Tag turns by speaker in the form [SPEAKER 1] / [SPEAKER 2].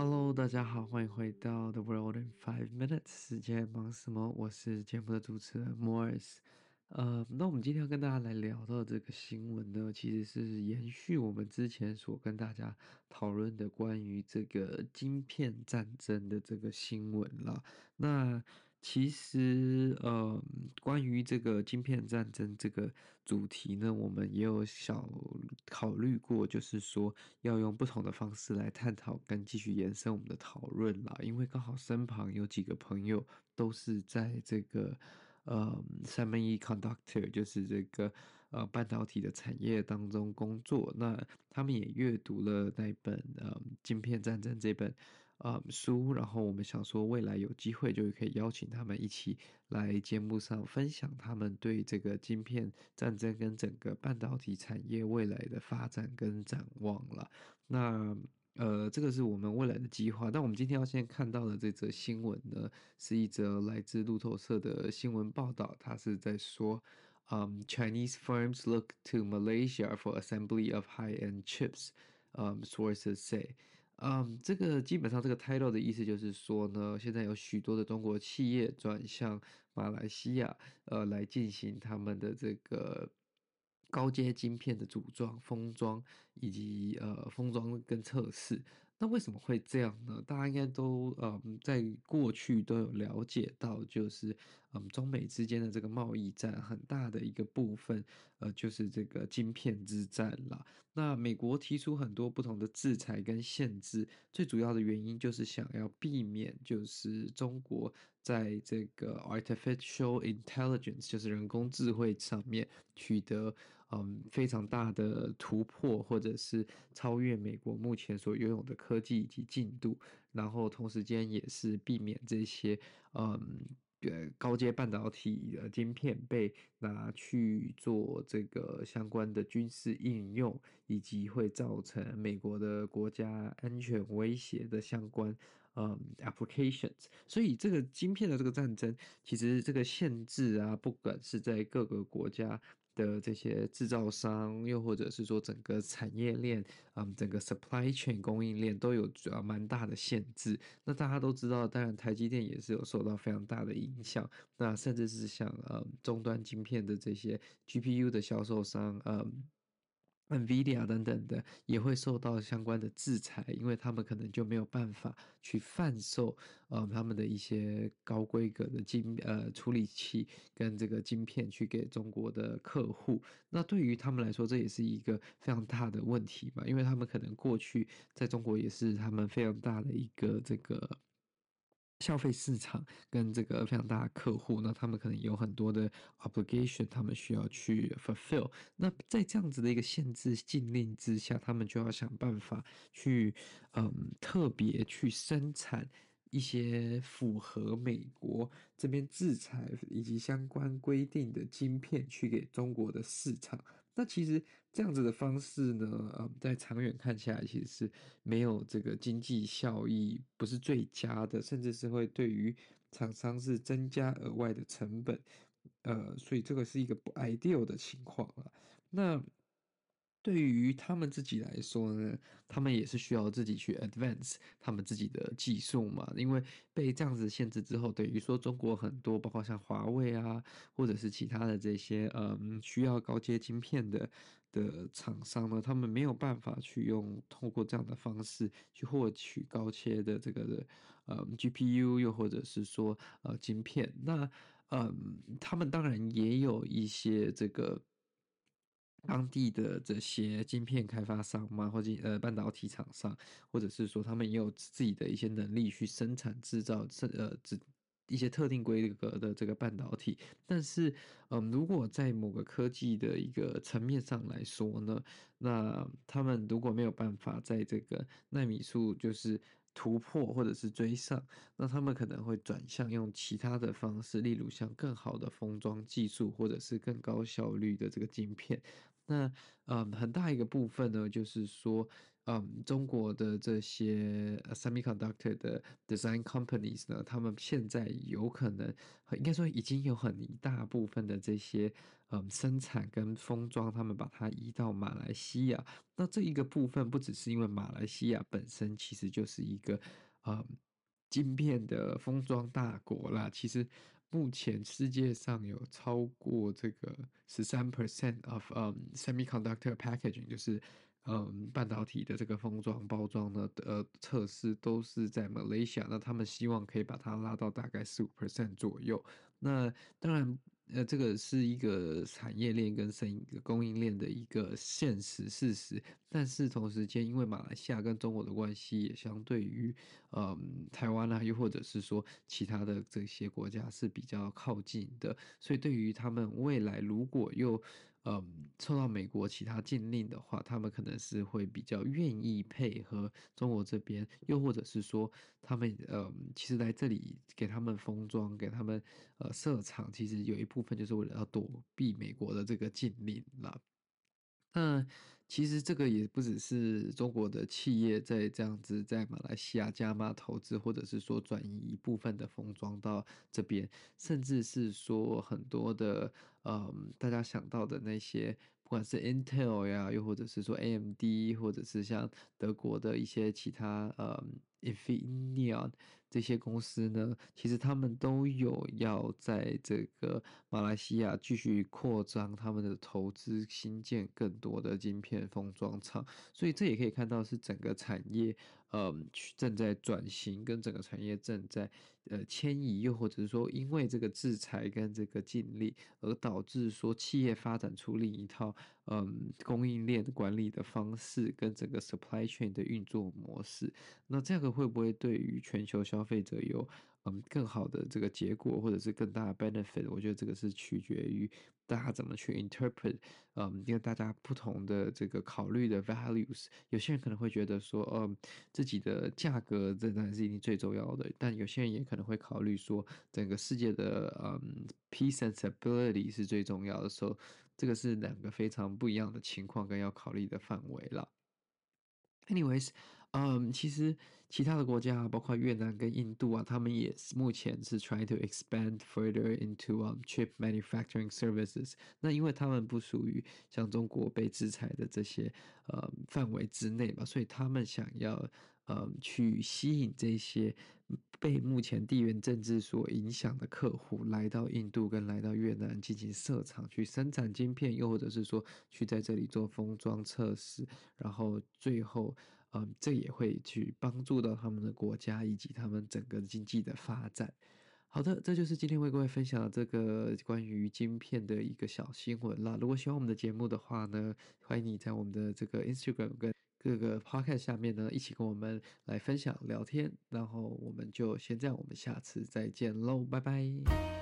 [SPEAKER 1] Hello，大家好，歡迎回到 The World in Five Minutes。時間忙什麼？我是節目的主持人 Morris。呃，那我們今天要跟大家來聊到這個新聞呢，其實是延續我們之前所跟大家討論的關於這個晶片戰爭的這個新聞了。那其實，呃，關於這個晶片戰爭這個主題呢，我們也有小考慮過，就是說要用不同的方式來探討跟繼續延伸我們的討論啦。因為剛好身旁有幾個朋友都是在這個，呃，Semiconductor，就是這個，呃，半導體的產業當中工作，那他們也閱讀了那本，嗯、呃，《晶片戰爭》這本。呃、um,，書，然後我們想說，未來有機會就可以邀請他們一起來節目上分享他們對這個晶片戰爭跟整個半導體產業未來的發展跟展望了。那呃，這個是我們未來的計劃。那我們今天要先看到的這則新聞呢，是一則來自路透社的新聞報道，它是在說，嗯、um,，Chinese firms look to Malaysia for assembly of high-end chips，嗯、um,，sources say。嗯，um，這個基本上這個 title 的意思就是說呢，現在有許多的中國企業轉向馬來西亞，呃，來進行他們的這個高階晶片的組裝、封裝以及呃，封裝跟測試。那為什麼會這樣呢？大家應該都，嗯，在過去都有了解到，就是，嗯，中美之間的這個貿易戰很大的一個部分，呃，就是這個晶片之戰了。那美國提出很多不同的制裁跟限制，最主要的原因就是想要避免，就是中國在這個 Artificial Intelligence 就是人工智慧上面取得。嗯，非常大的突破，或者是超越美國目前所擁有的科技以及進度，然後同時間也是避免這些，嗯，高階半導體的晶片被拿去做這個相關的軍事應用，以及會造成美國的國家安全威脅的相關，嗯，applications。所以這個晶片的這個戰爭，其實這個限制啊，不管是在各個國家。的這些製造商，又或者是說整個產業鏈，嗯，整個 supply chain 供應鏈都有主要蠻大的限制。那大家都知道，當然台積電也是有受到非常大的影響。那甚至是像呃嗯，終端晶片的這些 GPU 的銷售商，嗯。NVIDIA 等等的也會受到相關的制裁，因為他們可能就沒有辦法去販售呃他們的一些高規格的晶呃處理器跟這個晶片去給中國的客戶。那對於他們來說，這也是一個非常大的問題嘛，因為他們可能過去在中國也是他們非常大的一個這個。消費市場跟這個非常大的客戶，那他們可能有很多的 obligation，他們需要去 fulfill。那在這樣子的一個限制禁令之下，他們就要想辦法去，嗯，特別去生產一些符合美國這邊制裁以及相關規定的晶片，去給中國的市場。那其實這樣子的方式呢，呃，在長遠看起來，其實是沒有這個經濟效益，不是最佳的，甚至是會對於廠商是增加額外的成本，呃，所以這個是一個不 ideal 的情況啊。那對於他們自己來說呢，他們也是需要自己去 advance 他們自己的技術嘛。因為被這樣子限制之後，等於說中國很多，包括像華為啊，或者是其他的這些嗯需要高階晶片的的廠商呢，他們沒有辦法去用透過這樣的方式去獲取高階的這個的嗯 GPU，又或者是說呃晶片。那嗯他們當然也有一些這個。當地的這些晶片開發商嘛，或者呃半導體廠商，或者是說他們也有自己的一些能力去生產製造，呃，只一些特定規格的這個半導體。但是，嗯，如果在某個科技的一個層面上來說呢，那他們如果沒有辦法在這個奈米數就是。突破或者是追上，那他們可能會轉向用其他的方式，例如像更好的封裝技術，或者是更高效率的這個晶片。那，嗯，很大一個部分呢，就是說。嗯，中國的這些 semiconductor 的 design companies 呢，他們現在有可能，應該說已經有很大部分的這些，嗯，生產跟封裝，他們把它移到馬來西亞。那這一個部分不只是因為馬來西亞本身其實就是一個，嗯，晶片的封裝大國啦，其實。目前世界上有超過這個十三 percent of 嗯、um, semiconductor packaging，就是嗯、um, 半導體的這個封裝包裝呢的，呃，測試都是在 Malaysia。那他們希望可以把它拉到大概十五 percent 左右。那當然。呃，這個是一個產業鏈跟生意供應鏈的一個現實事實，但是同時間，因為馬來西亞跟中國的關係也相對於，嗯、呃，台灣啊，又或者是說其他的這些國家是比較靠近的，所以對於他們未來如果又。嗯，受到美國其他禁令的話，他們可能是會比較願意配合中國這邊，又或者是說他們呃、嗯，其實來這裡給他們封裝、給他們呃設廠，其實有一部分就是為了要躲避美國的這個禁令了。那，嗯，其實這個也不只是中國的企業在這樣子在馬來西亞加碼投資，或者是說轉移一部分的封裝到這邊，甚至是說很多的，嗯，大家想到的那些。不管是 Intel 呀，又或者是說 AMD，或者是像德國的一些其他呃、嗯、Infineon 這些公司呢，其實他們都有要在這個馬來西亞繼續擴張他們的投資，新建更多的晶片封裝廠，所以這也可以看到是整個產業。呃，去正在轉型，跟整個產業正在呃遷移，又或者是說，因為這個制裁跟這個禁令，而導致說企業發展出另一套。嗯，供應鏈管理的方式跟整個 supply chain 的運作模式，那這個會不會對於全球消費者有嗯更好的這個結果，或者是更大的 benefit？我覺得這個是取決於大家怎麼去 interpret，嗯，因為大家不同的這個考慮的 values，有些人可能會覺得說，呃、嗯，自己的價格仍然是一定最重要的，但有些人也可能會考慮說，整個世界的嗯 peace and stability 是最重要的，時候。這個是兩個非常不一樣的情況跟要考慮的範圍了。Anyways，嗯，其實其他的國家，包括越南跟印度啊，他們也是目前是 trying to expand further into um chip manufacturing services。那因為他們不屬於像中國被制裁的這些呃、嗯、範圍之內嘛，所以他們想要。呃、嗯，去吸引這些被目前地緣政治所影響的客戶來到印度跟來到越南進行設廠去生產晶片，又或者是說去在這裡做封裝測試，然後最後，嗯，這也會去幫助到他們的國家以及他們整個經濟的發展。好的，這就是今天為各位分享的這個關於晶片的一個小新聞啦。如果喜歡我們的節目的話呢，歡迎你在我們的這個 Instagram 跟。各個 podcast 下面呢，一起跟我們來分享聊天，然後我們就先這樣，我們下次再見嘍，拜拜。